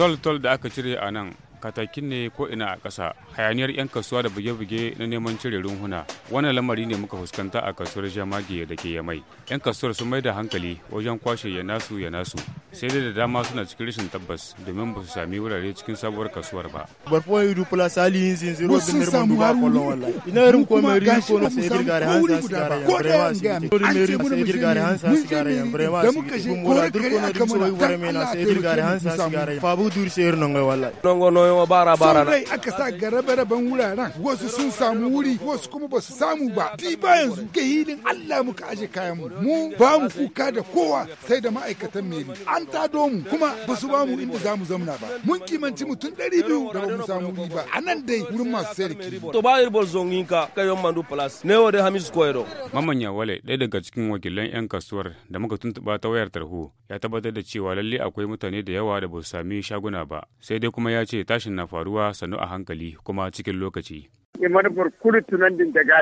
tol-tol da aka cire a nan katakin ne ko ina a ƙasa hayaniyar 'yan kasuwa da buge-buge na neman cire runhuna wannan lamari ne muka fuskanta a kasuwar jamage da ke yamai 'yan kasuwar sun mai da hankali wajen kwashe ya nasu ya nasu sai dai da dama suna cikin rashin tabbas domin ba su sami wurare cikin sabuwar kasuwar ba. Barfon yi dupla sali yin zin zin bin nirman duba kwallon Ina ko mai rin ko na sai birgare hansa sigara yan brema asibiti. Ko mai sai birgare hansa sigara yan brema asibiti. Kun mura dur ko na mai na sai hansa sigara yan. Fabu aka sa wasu sun samu wuri wasu kuma ba su samu ba. Ti ba yanzu ga hilin Allah muka aje kayan mu. Mu ba mu kuka da kowa sai da ma'aikatan meri. an tado mu kuma ba su ba mu inda za mu zamna ba mun kimanci mutum ɗari biyu da ba mu samu ba. a nan dai wurin masu sayar kiri. to ba irbol zongin ka kayon mandu plus ne wa dai hamis koyero. mamanya wale ɗaya daga cikin wakilan 'yan kasuwar da muka tuntuɓa ta wayar tarho ya tabbatar da cewa lalle akwai mutane da yawa da ba su sami shaguna ba sai dai kuma ya ce tashin na faruwa sannu a hankali kuma cikin lokaci.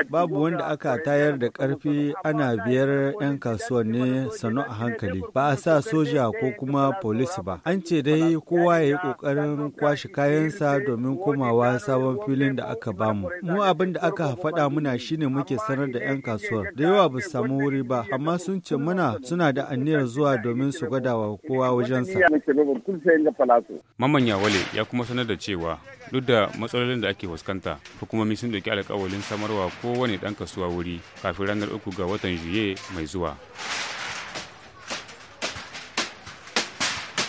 Babu wanda aka tayar da karfi ana biyar 'yan kasuwan ne sanu a hankali, ba a sa soja ko kuma polisi ba. An ce dai kowa ya yi ƙoƙarin kwashe kayansa domin komawa sabon filin da aka bamu. Mu abin da aka faɗa muna shine muke sanar da 'yan kasuwar. Da yawa ba su samu wuri ba, amma sun ce muna suna da aniyar zuwa domin su gwada wa kowa wajensa. Mamman Yawale ya kuma sanar da cewa duk da matsalolin da ake fuskanta, hukumomi hukumomi sun doki alkawalin samarwa kowane ɗan kasuwa wuri kafin ranar uku ga watan juye mai zuwa.